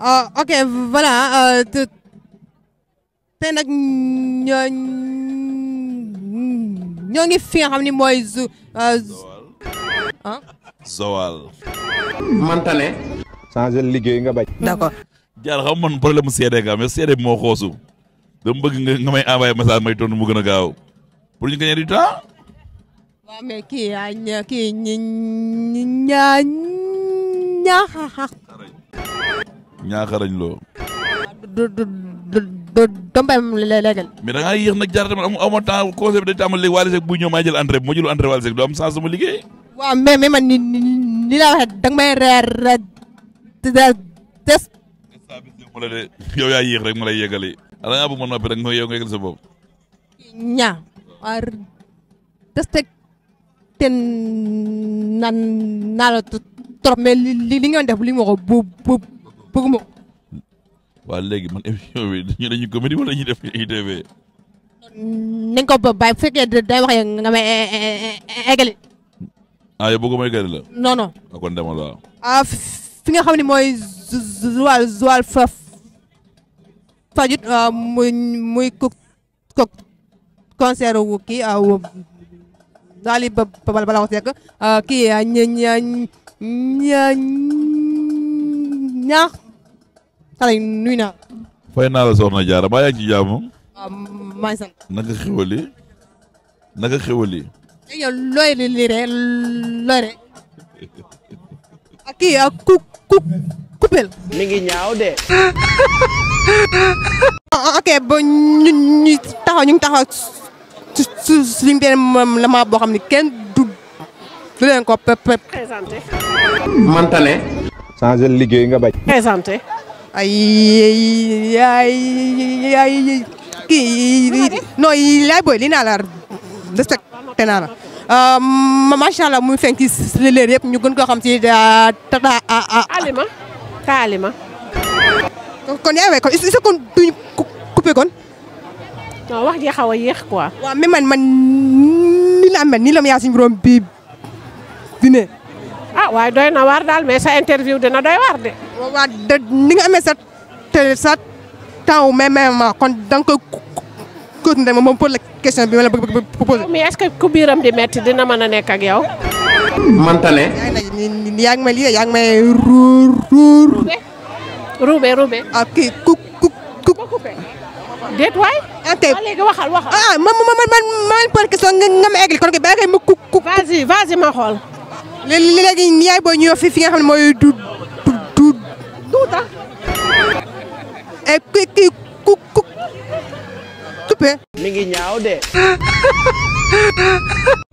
Ah, ok voilà euh, tey nag ñoo ñoo ngi fi nga xam ni mooy zu. ah. Zowal. Mantane. liggéey nga bañ. d'accord. jaar xam man problème seede nga mais seede moo xoosu. dama bëgg nga may envoyé message may tontu mu gën gaaw pour ñu gagner du temps. waaw mais kii yaa ah, ñaaxarañ loo. du du du du dompem léegal. mais da ngaa yéex nag jaar tamit amu amoo temps conseil bi jël entrée bi ma jël entrée Wally Seck du am sens sama liggéey. waaw mais mais man ni ni laa waxee da nga des. mu yaa yéex rek ma lay yëgalee. ala ngaa bëgg ma noppi ten naan naa trop mais li li nga def li ma ko bu bëgguma waa léegi man émission bi ñu dañu comédie wala ñu def ITV nañ ko bàyyi bu fekkee day wax nga may eggali ah yow bëgguma eggali la non non kon demal waaw ah fi nga xam ne mooy Joal Joal fa fajut muy muy ko ko concert wu kii daal di ba ba bala wax sekk kii ña ña ña ñaax xale yi nuyu naa fay naa la soxna Diarra mbaa yaa ngi ci jàmm. waaw ah, maa ngi sant. naka xéwal yi naka xéwal yi. léegi yow looy lii rek looy rek ak kii ak ku ku coupel. mi ngi ñaaw de. Ah, ok ba ñu ñu taxaw ñu ngi taxaw su su suñu benn moment boo xam ne kenn du du leen ko présenté. man tane. changer liggéey nga bañ. présenté. ay ay ay kii non yaay la respecté naa la macha allah muy fenk si leer yëpp ñu gën koo xam si euh, tata alima ta kon yaay way kon est eh kon duñ coupé kon non wax ji xaw a yéex quoi waaw man man ni la mel nii la ma ne ah waaye doy na waar daal mais sa interview dina doy waar de waa da ni nga amee sa te kon da nga koy continuer moom pour la question bi ma la bëgg a posé. mais est-ce que ku biiram di metti dina mën a nekk ak yow. mënta ne. yaa kay ma xool. léegi léegi yaay booy ñëw fi fi nga xam mooy du. tuta. E eh, qui qui cu cu. Tupe. Mingi nyao de.